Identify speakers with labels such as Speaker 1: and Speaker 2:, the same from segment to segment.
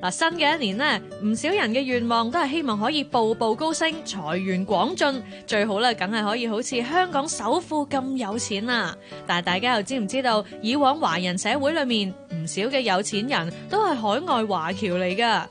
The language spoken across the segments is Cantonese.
Speaker 1: 嗱，新嘅一年咧，唔少人嘅願望都係希望可以步步高升、財源廣進，最好咧，梗係可以好似香港首富咁有錢啦。但係大家又知唔知道，以往華人社會裏面唔少嘅有錢人都係海外華僑嚟噶。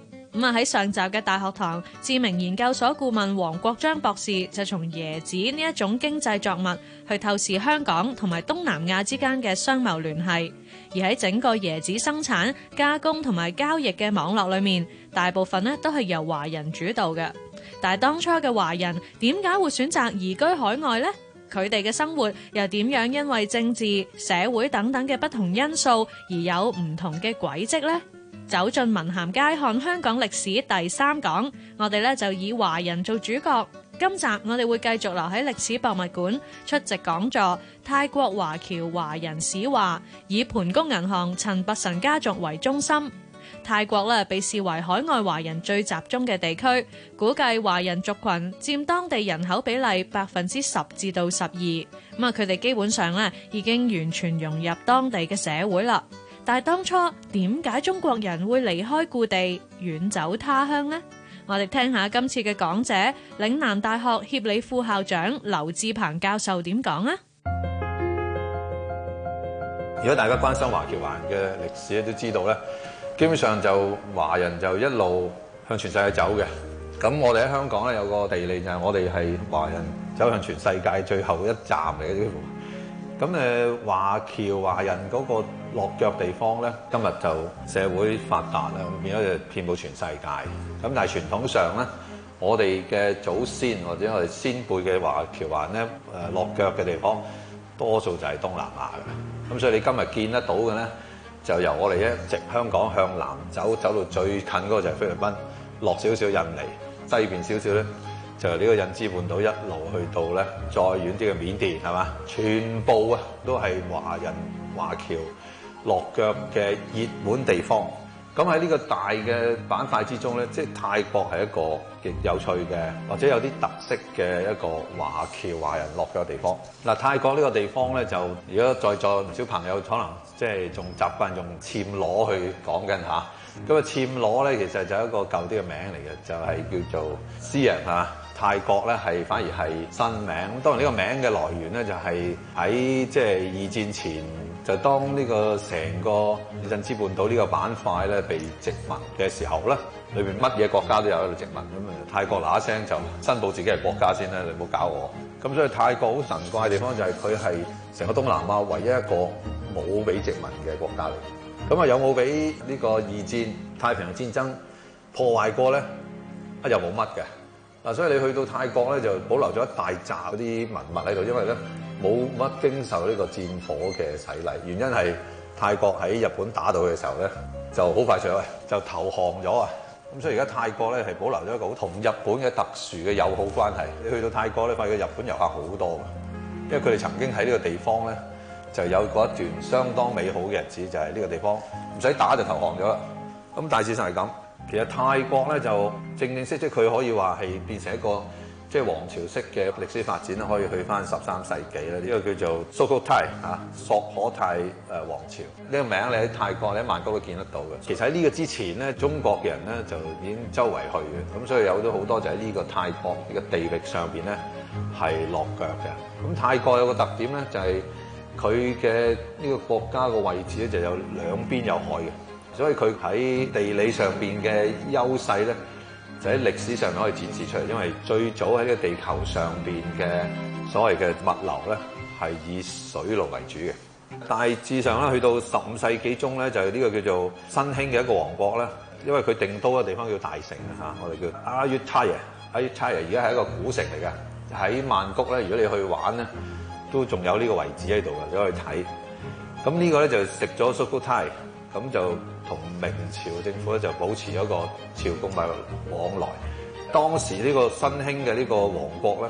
Speaker 1: 咁啊喺上集嘅大學堂，知名研究所顧問王國章博士就從椰子呢一種經濟作物去透視香港同埋東南亞之間嘅商貿聯繫，而喺整個椰子生產、加工同埋交易嘅網絡裏面，大部分都係由華人主導嘅。但係當初嘅華人點解會選擇移居海外呢？佢哋嘅生活又點樣因為政治、社會等等嘅不同因素而有唔同嘅軌跡呢？走進文咸街看香港歷史第三講我哋咧，就以華人做主角。今集我哋會繼續留喺歷史博物館出席講座。泰國華僑華人史話，以盤谷銀行陳弼臣家族為中心。泰國咧被視為海外華人最集中嘅地區，估計華人族群占當地人口比例百分之十至到十二。咁啊，佢哋基本上咧已經完全融入當地嘅社會啦。但係當初點解中國人會離開故地遠走他鄉呢？我哋聽下今次嘅講者嶺南大學協理副校長劉智鵬教授點講啊？
Speaker 2: 如果大家關心華僑華人嘅歷史咧，都知道咧，基本上就華人就一路向全世界走嘅。咁我哋喺香港咧有個地理就係我哋係華人走向全世界最後一站嚟嘅。咁誒華僑華人嗰個落腳地方咧，今日就社會發達啦，變咗就遍佈全世界。咁但係傳統上咧，我哋嘅祖先或者我哋先輩嘅華僑華人咧，誒落腳嘅地方多數就係東南亞嘅。咁所以你今日見得到嘅咧，就由我哋一直香港向南走，走到最近嗰個就係菲律賓，落少少印尼，西邊少少咧。就係呢個印支半島一路去到咧，再遠啲嘅緬甸係嘛，全部啊都係華人華僑落腳嘅熱門地方。咁喺呢個大嘅版塊之中咧，即係泰國係一個極有趣嘅，或者有啲特色嘅一個華僑華人落腳的地方。嗱，泰國呢個地方咧，就如果在座唔少朋友可能即係仲習慣用暹羅去講緊下咁啊，暹羅咧，其實就係一個舊啲嘅名嚟嘅。就係、是、叫做私人泰國咧係反而係新名，當然呢個名嘅來源咧就係喺即係二戰前就當呢個成個中南半島呢個板塊咧被殖民嘅時候咧，裏邊乜嘢國家都有喺度殖民咁啊！泰國嗱一聲就申報自己係國家先啦，你唔好搞我。咁所以泰國好神怪嘅地方就係佢係成個東南亞唯一一個冇俾殖民嘅國家嚟。咁啊有冇俾呢個二戰太平洋戰爭破壞過咧？啊又冇乜嘅。嗱，所以你去到泰國咧，就保留咗一大扎嗰啲文物喺度，因為咧冇乜經受呢個戰火嘅洗禮。原因係泰國喺日本打到嘅時候咧，就好快上啊，就投降咗啊。咁所以而家泰國咧係保留咗一個好同日本嘅特殊嘅友好關係。你去到泰國咧，發現日本遊客好多嘅，因為佢哋曾經喺呢個地方咧就有過一段相當美好嘅日子，就係呢個地方唔使打就投降咗啦。咁大致上係咁。其實泰國咧就正正式式佢可以話係變成一個即係皇朝式嘅歷史發展，可以去翻十三世紀啦，呢個叫做素素泰嚇，索可泰誒皇朝呢個名你喺泰國你喺曼谷都見得到嘅。其實喺呢個之前咧，中國嘅人咧就已經周圍去嘅，咁所以有咗好多就喺呢個泰國呢個地域上邊咧係落腳嘅。咁泰國有個特點咧就係佢嘅呢個國家嘅位置咧就有兩邊有海嘅。所以佢喺地理上邊嘅優勢咧，就喺歷史上可以展示出嚟。因為最早喺個地球上邊嘅所謂嘅物流咧，係以水路為主嘅。大致上咧，去到十五世紀中咧，就係呢個叫做新興嘅一個王國咧。因為佢定都嘅地方叫大城啊，我哋叫 ai, 啊，Ayutthaya 啊，Ayutthaya 而家係一個古城嚟嘅。喺曼谷咧，如果你去玩咧，都仲有呢個位置喺度嘅，你可以睇。咁呢個咧就食咗 Sukhothai 咁就。同明朝政府咧就保持咗個朝貢埋往來。當時呢個新興嘅呢個王國咧，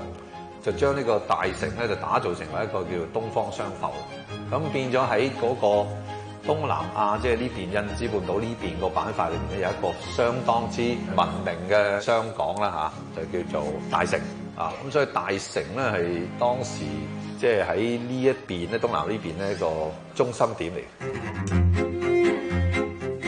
Speaker 2: 就將呢個大城咧就打造成為一個叫做東方商埠。咁變咗喺嗰個東南亞，即係呢邊印支半島呢邊個板塊入面咧，有一個相當之文明嘅商港啦吓，就叫做大城啊。咁所以大城咧係當時即係喺呢一邊咧，東南呢邊呢一個中心點嚟。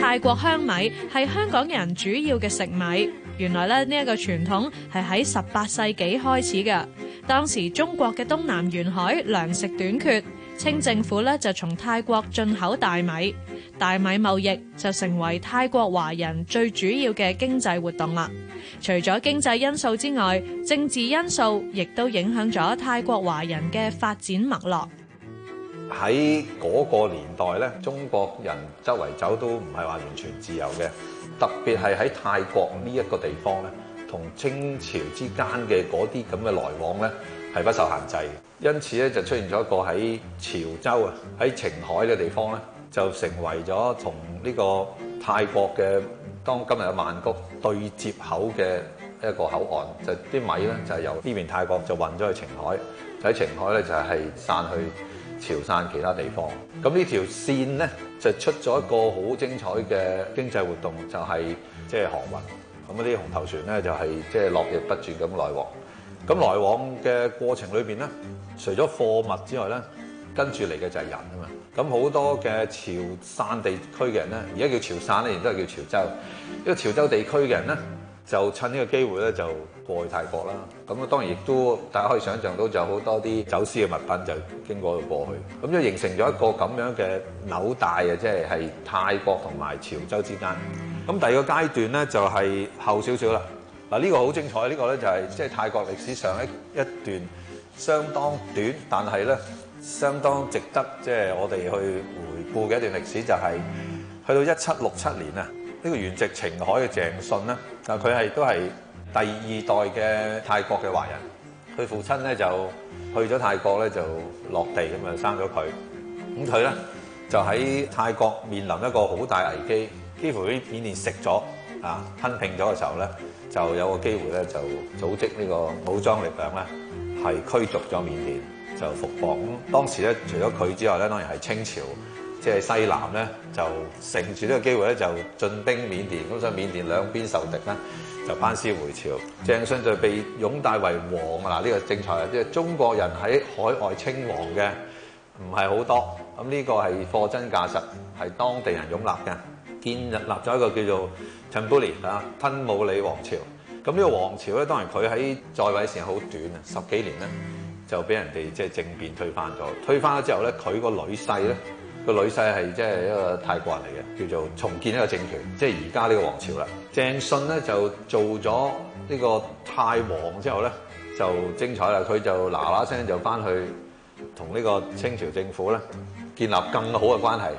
Speaker 1: 泰國香米係香港人主要嘅食米，原來呢呢一個傳統係喺十八世紀開始嘅。當時中國嘅東南沿海糧食短缺，清政府呢就從泰國進口大米，大米貿易就成為泰國華人最主要嘅經濟活動啦。除咗經濟因素之外，政治因素亦都影響咗泰國華人嘅發展脈絡。
Speaker 2: 喺嗰個年代咧，中國人周圍走都唔係話完全自由嘅，特別係喺泰國呢一個地方咧，同清朝之間嘅嗰啲咁嘅來往咧係不受限制嘅，因此咧就出現咗一個喺潮州啊，喺澄海嘅地方咧就成為咗同呢個泰國嘅當今日嘅曼谷對接口嘅一個口岸，就啲米咧就係由呢邊泰國就運咗去澄海，就喺澄海咧就係散去。潮汕其他地方，咁呢條線咧就出咗一個好精彩嘅經濟活動，就係即係航運。咁啲紅頭船咧就係即係絡繹不絕咁來往。咁來往嘅過程裏邊咧，除咗貨物之外咧，跟住嚟嘅就係人啊嘛。咁好多嘅潮汕地區嘅人咧，而家叫潮汕咧，而家都係叫潮州。呢個潮州地區嘅人咧，就趁呢個機會咧就，過去泰國啦，咁啊當然亦都，大家可以想象到就好多啲走私嘅物品就經過過去，咁是的 就形成咗一個咁樣嘅紐帶啊，即係係泰國同埋潮州之間。咁、嗯、第二個階段咧就係、是、後少少啦。嗱、這、呢個好精彩，呢、這個咧就係即係泰國歷史上一一段相當短，但係咧相當值得即係、就是、我哋去回顧嘅一段歷史、就是，就係、嗯、去到一七六七年啊，呢、這個原籍澄海嘅鄭信啦，但佢係都係。第二代嘅泰國嘅華人，佢父親咧就去咗泰國咧就落地咁樣生咗佢，咁佢咧就喺泰國面臨一個好大危機，幾乎俾緬甸食咗啊吞併咗嘅時候咧，就有個機會咧就組織呢個武裝力量咧係驅逐咗緬甸就復國。咁當時咧除咗佢之外咧，當然係清朝。即係西南咧，就乘住呢個機會咧，就進兵緬甸。咁所以緬甸兩邊受敵咧，就班師回朝。鄭、嗯、信就被擁戴為王。嗱、啊，呢、這個政策啊，即、就、係、是、中國人喺海外稱王嘅唔係好多。咁呢個係貨真價實，係當地人擁立嘅，建立咗一個叫做陳布里啊吞武里王朝。咁呢個王朝咧，當然佢喺在，在位時間好短啊，十幾年咧就俾人哋即係政變推翻咗。推翻咗之後咧，佢個女婿咧。個女婿係即係一個泰國人嚟嘅，叫做重建一個政權，即係而家呢個皇朝啦。鄭信咧就做咗呢個泰王之後咧，就精彩啦！佢就嗱嗱聲就翻去同呢個清朝政府咧建立更好嘅關係。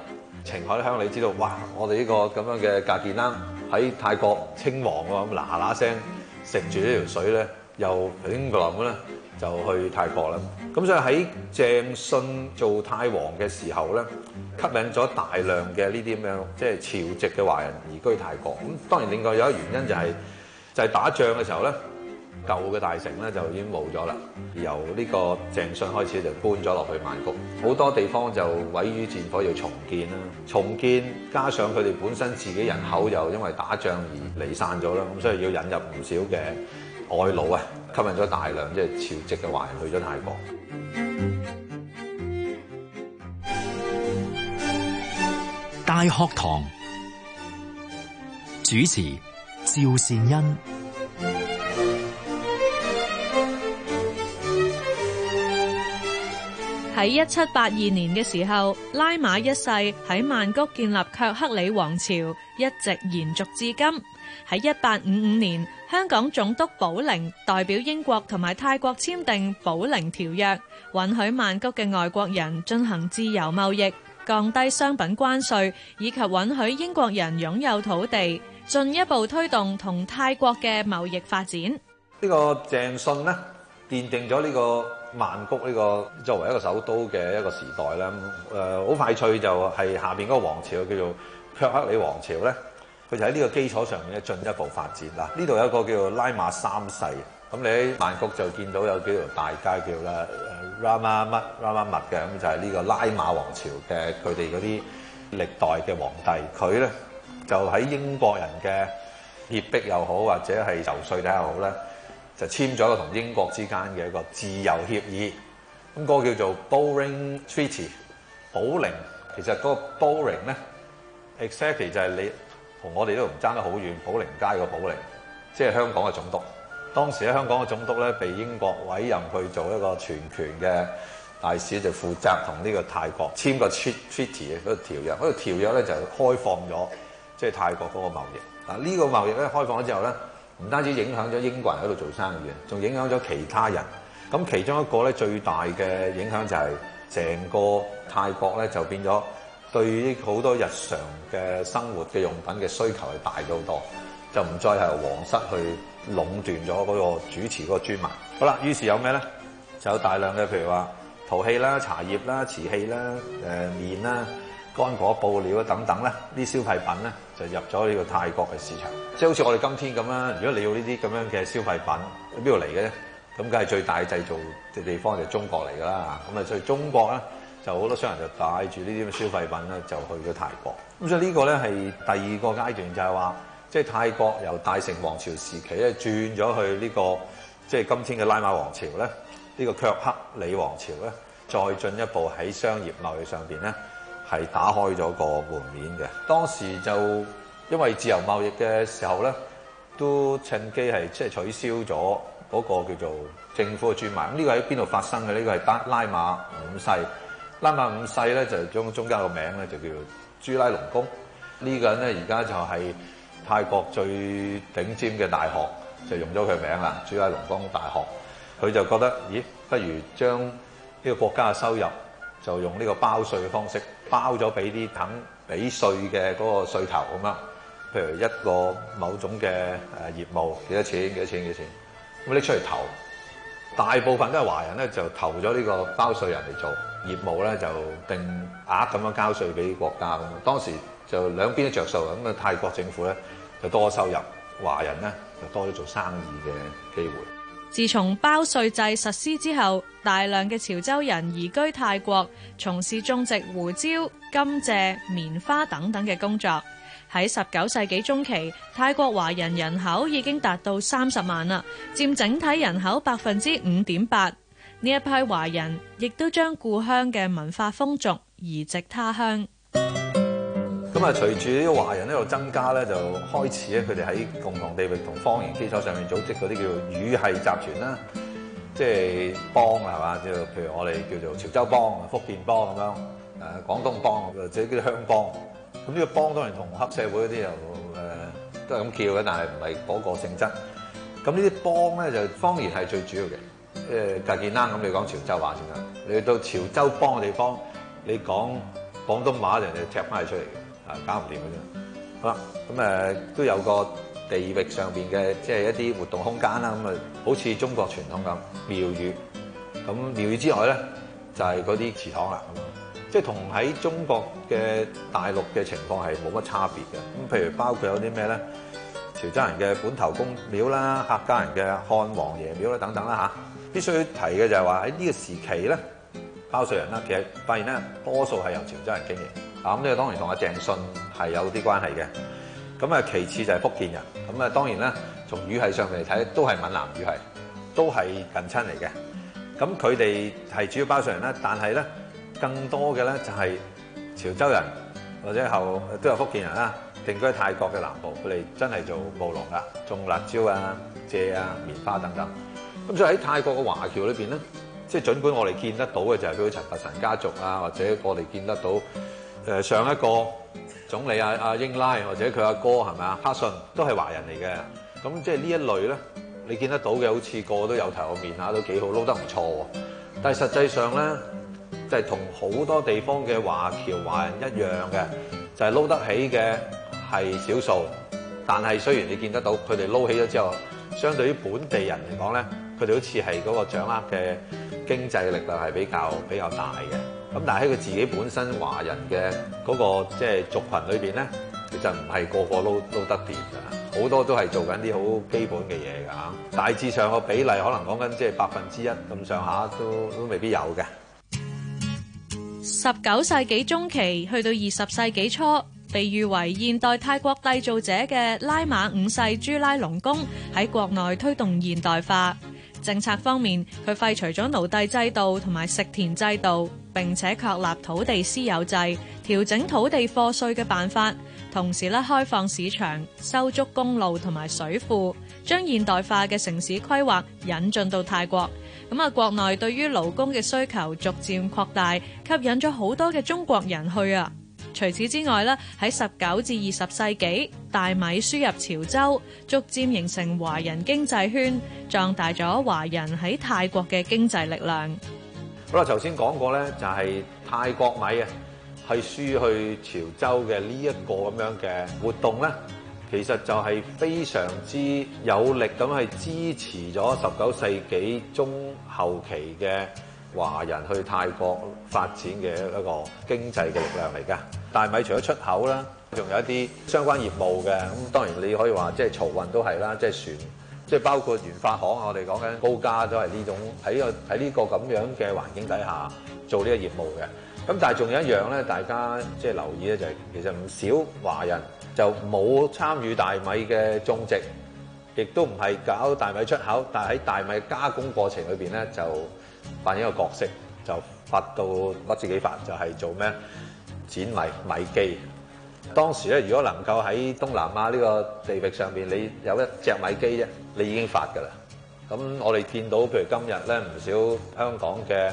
Speaker 2: 澄海鄉裏知道，哇！我哋呢個咁樣嘅格傑啦，喺泰國稱王喎，咁嗱嗱聲食住呢條水咧，又點講咧？嗯就去泰國啦，咁所以喺鄭信做泰王嘅時候呢，吸引咗大量嘅呢啲咩即係潮籍嘅華人移居泰國。咁當然另外有一個原因就係就係打仗嘅時候呢，舊嘅大城呢就已經冇咗啦，由呢個鄭信開始就搬咗落去曼谷。好多地方就毀於戰火要重建啦，重建加上佢哋本身自己人口又因為打仗而離散咗啦，咁所以要引入唔少嘅。外勞啊，吸引咗大量即係潮籍嘅華人去咗泰國。大學堂主持趙
Speaker 1: 善恩。喺一七八二年嘅時候，拉瑪一世喺曼谷建立卻克里王朝，一直延續至今。喺一八五五年，香港總督保寧代表英國同埋泰國簽訂《保寧條約》，允許曼谷嘅外國人進行自由貿易，降低商品關稅，以及允許英國人擁有土地，進一步推動同泰國嘅貿易發展。
Speaker 2: 呢個鄭信咧，奠定咗呢個曼谷呢個作為一個首都嘅一個時代咧。誒，好快脆就係下邊嗰個王朝叫做卻克里王朝咧。佢就喺呢個基礎上面咧進一步發展啦。呢度有一個叫做拉馬三世，咁你喺曼谷就見到有幾條大街叫咧誒拉馬乜拉馬乜嘅，咁就係呢個拉馬王朝嘅佢哋嗰啲歷代嘅皇帝。佢咧就喺英國人嘅脅迫又好，或者係遊說底下又好咧，就簽咗一個同英國之間嘅一個自由協議。咁個叫做 Bowring Treaty，寶靈其實嗰個 Bowring 咧，exactly 就係你。同我哋都唔爭得好遠，保寧街嘅保寧，即係香港嘅總督。當時咧，香港嘅總督咧被英國委任去做一個全權嘅大使，就負責同呢個泰國簽個 treaty 嘅嗰個條約。嗰、這個條約咧就開放咗，即係泰國嗰個貿易。嗱，呢個貿易咧開放咗之後咧，唔單止影響咗英國人喺度做生意啊，仲影響咗其他人。咁其中一個咧最大嘅影響就係成個泰國咧就變咗。對於好多日常嘅生活嘅用品嘅需求係大咗好多，就唔再係皇室去壟斷咗嗰個主持個專賣。好啦，於是有咩咧？就有大量嘅譬如話陶器啦、茶葉啦、瓷器啦、誒麵啦、乾果、布料等等咧，啲消費品咧就入咗呢個泰國嘅市場。即係好似我哋今天咁樣，如果你要呢啲咁樣嘅消費品，喺邊度嚟嘅咧？咁梗係最大製造嘅地方就係中國嚟㗎啦。咁啊，所以中國咧。就好多商人就帶住呢啲咁嘅消費品咧，就去咗泰國。咁所以呢個咧係第二個階段，就係話即係泰國由大城王朝時期咧轉咗去呢個即係今天嘅拉馬王朝咧，呢個卻克里王朝咧，再進一步喺商業貿易上面咧係打開咗個門面嘅。當時就因為自由貿易嘅時候咧，都趁機係即係取消咗嗰個叫做政府嘅專賣。咁呢個喺邊度發生嘅？呢個係拉馬五世。拉瑪五世咧，就將中間個名咧就叫朱拉隆功。呢、這個人咧，而家就係泰國最頂尖嘅大學，就用咗佢名啦。嗯、朱拉隆功大學，佢就覺得咦，不如將呢個國家嘅收入就用呢個包稅方式包咗俾啲等俾稅嘅嗰個稅頭咁樣。譬如一個某種嘅誒業務幾多錢幾多錢幾多錢，咁拎出嚟投，大部分都係華人咧，就投咗呢個包稅人嚟做。業務咧就定額咁樣交稅俾國家，當時就兩邊都着數。咁啊，泰國政府咧就多收入，華人呢就多咗做生意嘅機會。
Speaker 1: 自從包稅制實施之後，大量嘅潮州人移居泰國，從事種植胡椒、甘蔗、棉花等等嘅工作。喺十九世紀中期，泰國華人人口已經達到三十萬啦，佔整體人口百分之五點八。呢一批華人亦都將故鄉嘅文化風俗移植他鄉。
Speaker 2: 咁啊，隨住啲華人呢度增加咧，就開始咧，佢哋喺共同地域同方言基礎上面組織嗰啲叫做語系集團啦，即係幫啦，係嘛？就譬如我哋叫做潮州幫、福建幫咁樣，誒廣東幫或者叫鄉幫。咁呢個幫當然同黑社會嗰啲又誒都係咁叫嘅，但係唔係嗰個性質。咁呢啲幫咧就方言係最主要嘅。誒大件啦，咁、嗯、你講潮州話先得。你到潮州幫嘅地方，你講廣東話，人哋踢翻你出嚟嘅，啊搞唔掂嘅啫。好啦，咁誒都有個地域上邊嘅，即、就、係、是、一啲活動空間啦。咁、嗯、啊，好似中國傳統咁廟宇。咁、嗯、廟宇之外咧，就係嗰啲祠堂啦。咁、嗯、即係同喺中國嘅大陸嘅情況係冇乜差別嘅。咁、嗯、譬如包括有啲咩咧？潮州人嘅本頭公廟啦、客家人嘅漢王爺廟啦等等啦嚇，必須要提嘅就係話喺呢個時期咧，包稅人咧其實發現咧多數係由潮州人經營，啊咁呢個當然同阿鄭信係有啲關係嘅。咁啊，其次就係福建人，咁啊當然啦，從語系上面嚟睇都係閩南語系，都係近親嚟嘅。咁佢哋係主要包稅人啦，但係咧更多嘅咧就係潮州人或者後都有福建人啦。定居喺泰國嘅南部，佢哋真係做務農噶，種辣椒啊、蔗啊、棉花等等。咁所以喺泰國嘅華僑裏邊咧，即係儘管我哋見得到嘅就係佢陳弼臣家族啊，或者我哋見得到誒上一個總理阿、啊、阿、啊、英拉或者佢阿哥係咪啊？他信都係華人嚟嘅。咁即係呢一類咧，你見得到嘅好似個個都有頭有面啊，都幾好，撈得唔錯。但係實際上咧，就係同好多地方嘅華僑華人一樣嘅，就係、是、撈得起嘅。係少數，但係雖然你見得到佢哋撈起咗之後，相對於本地人嚟講咧，佢哋好似係嗰個掌握嘅經濟力量係比較比較大嘅。咁但係喺佢自己本身華人嘅嗰個即係族群裏邊咧，其實唔係個個撈撈得掂㗎，好多都係做緊啲好基本嘅嘢㗎嚇。大致上個比例可能講緊即係百分之一咁上下都都未必有嘅。
Speaker 1: 十九世紀中期去到二十世紀初。被譽為現代泰國締造者嘅拉瑪五世朱拉隆功喺國內推動現代化政策方面，佢廢除咗奴隸制度同埋食田制度，並且確立土地私有制，調整土地課稅嘅辦法，同時咧，開放市場、修築公路同埋水庫，將現代化嘅城市規劃引進到泰國。咁啊，國內對於勞工嘅需求逐漸擴大，吸引咗好多嘅中國人去啊。除此之外咧，喺十九至二十世紀，大米輸入潮州，逐漸形成華人經濟圈，壯大咗華人喺泰國嘅經濟力量。
Speaker 2: 好啦，頭先講過咧，就係泰國米啊，係輸去潮州嘅呢一個咁樣嘅活動咧，其實就係非常之有力咁去支持咗十九世紀中後期嘅華人去泰國發展嘅一個經濟嘅力量嚟噶。大米除咗出口啦，仲有一啲相關業務嘅。咁當然你可以話，即係漕運都係啦，即係船，即係包括原發行。我哋講緊高家都係呢種喺、呢個喺呢個咁樣嘅環境底下做呢個業務嘅。咁但係仲有一樣咧，大家即係留意咧，就係、是、其實唔少華人就冇參與大米嘅種植，亦都唔係搞大米出口，但係喺大米加工過程裏邊咧，就扮演一個角色，就發到不自己發，就係、是、做咩？剪米米機，當時咧，如果能夠喺東南亞呢個地域上邊，你有一隻米機啫，你已經發噶啦。咁我哋見到譬如今日咧，唔少香港嘅，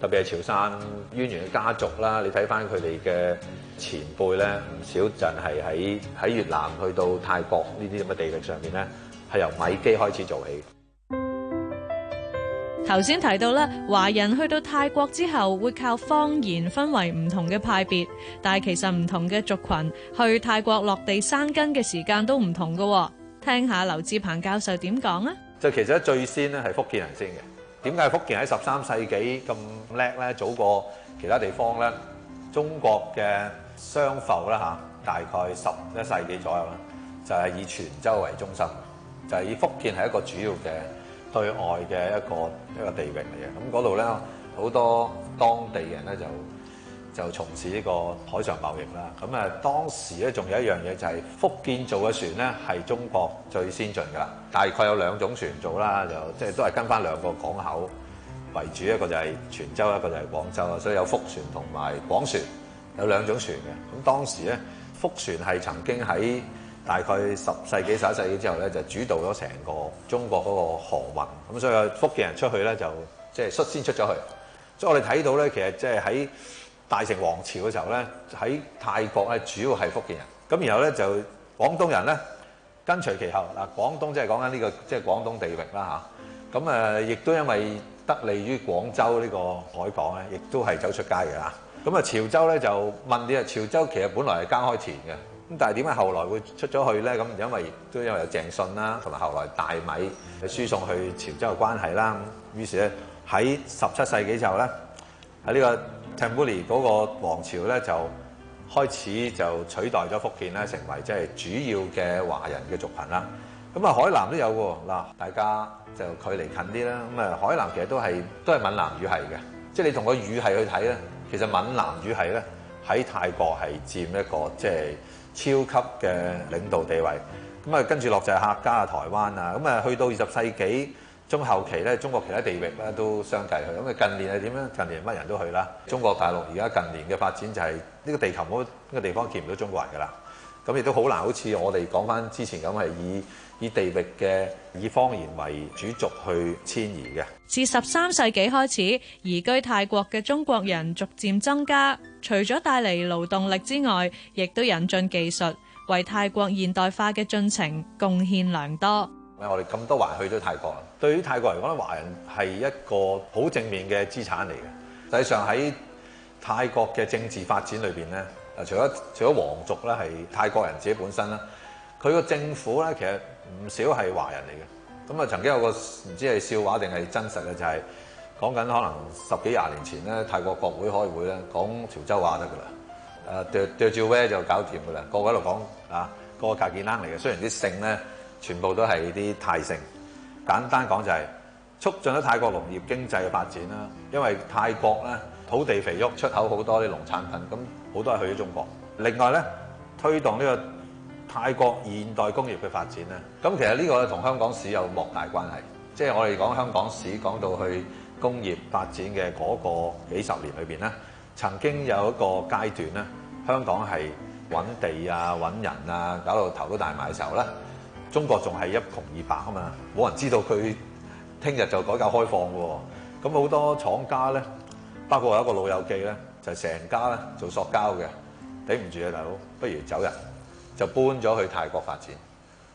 Speaker 2: 特別係潮汕淵源嘅家族啦，你睇翻佢哋嘅前輩咧，唔少就係喺喺越南去到泰國呢啲咁嘅地域上邊咧，係由米機開始做起的。
Speaker 1: 頭先提到咧，華人去到泰國之後，會靠方言分為唔同嘅派別，但係其實唔同嘅族群去泰國落地生根嘅時間都唔同嘅。聽下劉志鵬教授點講啊？
Speaker 2: 就其實最先咧係福建人先嘅。點解福建喺十三世紀咁叻咧？早過其他地方咧。中國嘅商埠啦，嚇，大概十一世紀左右啦，就係以泉州為中心，就係以福建係一個主要嘅。對外嘅一個一個地域嚟嘅，咁嗰度咧好多當地人咧就就從事呢個海上貿易啦。咁啊，當時咧仲有一樣嘢就係、是、福建做嘅船咧，係中國最先進㗎喇。大概有兩種船做啦，就即係都係跟翻兩個港口為主，一個就係泉州，一個就係廣州啊。所以有福船同埋廣船有兩種船嘅。咁當時咧，福船係曾經喺大概十世紀、十一世紀之後咧，就主導咗成個中國嗰個河運，咁所以福建人出去咧就即係率先出咗去。所以我哋睇到咧，其實即係喺大城王朝嘅時候咧，喺泰國咧主要係福建人。咁然後咧就廣東人咧跟隨其後。嗱廣東即係講緊呢個即係、就是、廣東地域啦嚇。咁誒亦都因為得利於廣州呢個海港咧，亦都係走出街嘅啦。咁啊潮州咧就問你啊，潮州其實本來係耕開田嘅。但係點解後來會出咗去咧？咁因為都因為有鄭信啦，同埋後來大米輸送去潮州嘅關係啦。於是咧喺十七世紀之後咧，喺呢個 Thonburi 嗰個王朝咧就開始就取代咗福建啦，成為即係主要嘅華人嘅族群啦。咁啊，海南都有㗎嗱，大家就距離近啲啦。咁啊，海南其實都係都係閩南語系嘅，即係你同個語系去睇咧，其實閩南語系咧喺泰國係佔一個即係，就是超級嘅領導地位，咁啊跟住落就係客家啊、台灣啊，咁啊去到二十世紀中後期咧，中國其他地域咧都相繼去，咁啊近年係點咧？近年乜人都去啦。中國大陸而家近年嘅發展就係呢個地球嗰個地方見唔到中國人噶啦，咁亦都好難好似我哋講翻之前咁係以。以地域嘅，以方言為主軸去遷移嘅。自
Speaker 1: 十三世紀開始，移居泰國嘅中國人逐漸增加，除咗帶嚟勞動力之外，亦都引進技術，為泰國現代化嘅進程貢獻良多。
Speaker 2: 我哋咁多華人去咗泰國啊，對於泰國嚟講咧，華人係一個好正面嘅資產嚟嘅。實際上喺泰國嘅政治發展裏邊咧，啊，除咗除咗皇族咧，係泰國人自己本身啦。佢個政府咧，其實唔少係華人嚟嘅。咁啊，曾經有個唔知係笑話定係真實嘅，就係講緊可能十幾廿年前咧，泰國國會開會咧，講潮州話得噶啦。誒，啄啄照歪就搞掂噶啦。個個喺度講啊，嗰個格件拉嚟嘅。雖然啲姓咧，全部都係啲泰姓。簡單講就係促進咗泰國農業經濟嘅發展啦。因為泰國咧土地肥沃，出口好多啲農產品，咁好多係去咗中國。另外咧，推動呢個。泰國現代工業嘅發展咧，咁其實呢個同香港史有莫大關係。即係我哋講香港史講到去工業發展嘅嗰個幾十年裏面咧，曾經有一個階段咧，香港係揾地啊、揾人啊，搞到頭都大埋嘅時候咧，中國仲係一窮二白啊嘛，冇人知道佢聽日就改革開放嘅喎。咁好多廠家咧，包括有一個老友記咧，就成家咧做塑膠嘅，頂唔住啊，大佬，不如走人。就搬咗去泰國發展，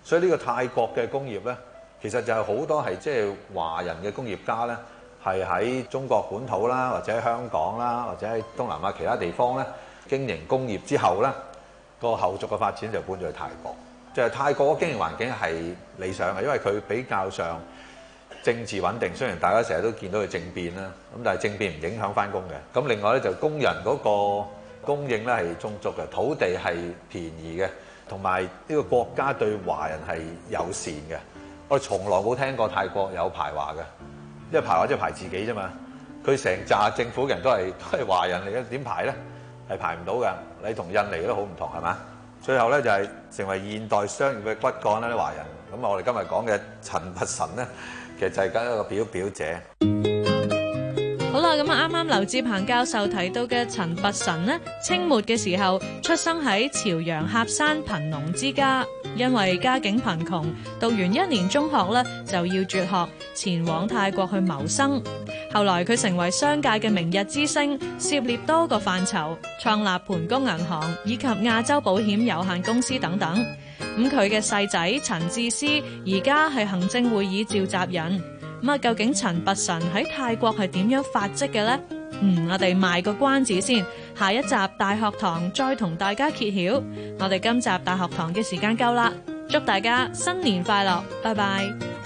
Speaker 2: 所以呢個泰國嘅工業呢，其實就係好多係即係華人嘅工業家呢，係喺中國本土啦，或者香港啦，或者喺東南亞其他地方呢經營工業之後呢，個後續嘅發展就搬咗去泰國。就係泰國嘅經營環境係理想嘅，因為佢比較上政治穩定，雖然大家成日都見到佢政變啦，咁但係政變唔影響返工嘅。咁另外呢，就工人嗰個供應呢，係充足嘅，土地係便宜嘅。同埋呢個國家對華人係友善嘅，我從來冇聽過泰國有排華嘅，因為排華即係排自己啫嘛。佢成紮政府嘅人都係都係華人嚟嘅，點排咧？係排唔到㗎。你同印尼都好唔同係嘛？最後咧就係成為現代商業嘅骨幹啦，啲華人。咁啊，我哋今日講嘅陳百順咧，其實就係佢一個表表者。
Speaker 1: 咁啱啱劉智鵬教授提到嘅陳弼臣，呢，清末嘅時候出生喺朝陽峽山貧農之家，因為家境貧窮，讀完一年中學咧就要輟學前往泰國去謀生。後來佢成為商界嘅明日之星，涉獵多個範疇，創立盤谷銀行以及亞洲保險有限公司等等。咁佢嘅細仔陳智思而家係行政會議召集人。咁啊，究竟陳弼臣喺泰國係點樣發跡嘅呢？嗯，我哋賣個關子先，下一集大學堂再同大家揭曉。我哋今集大學堂嘅時間夠啦，祝大家新年快樂，拜拜。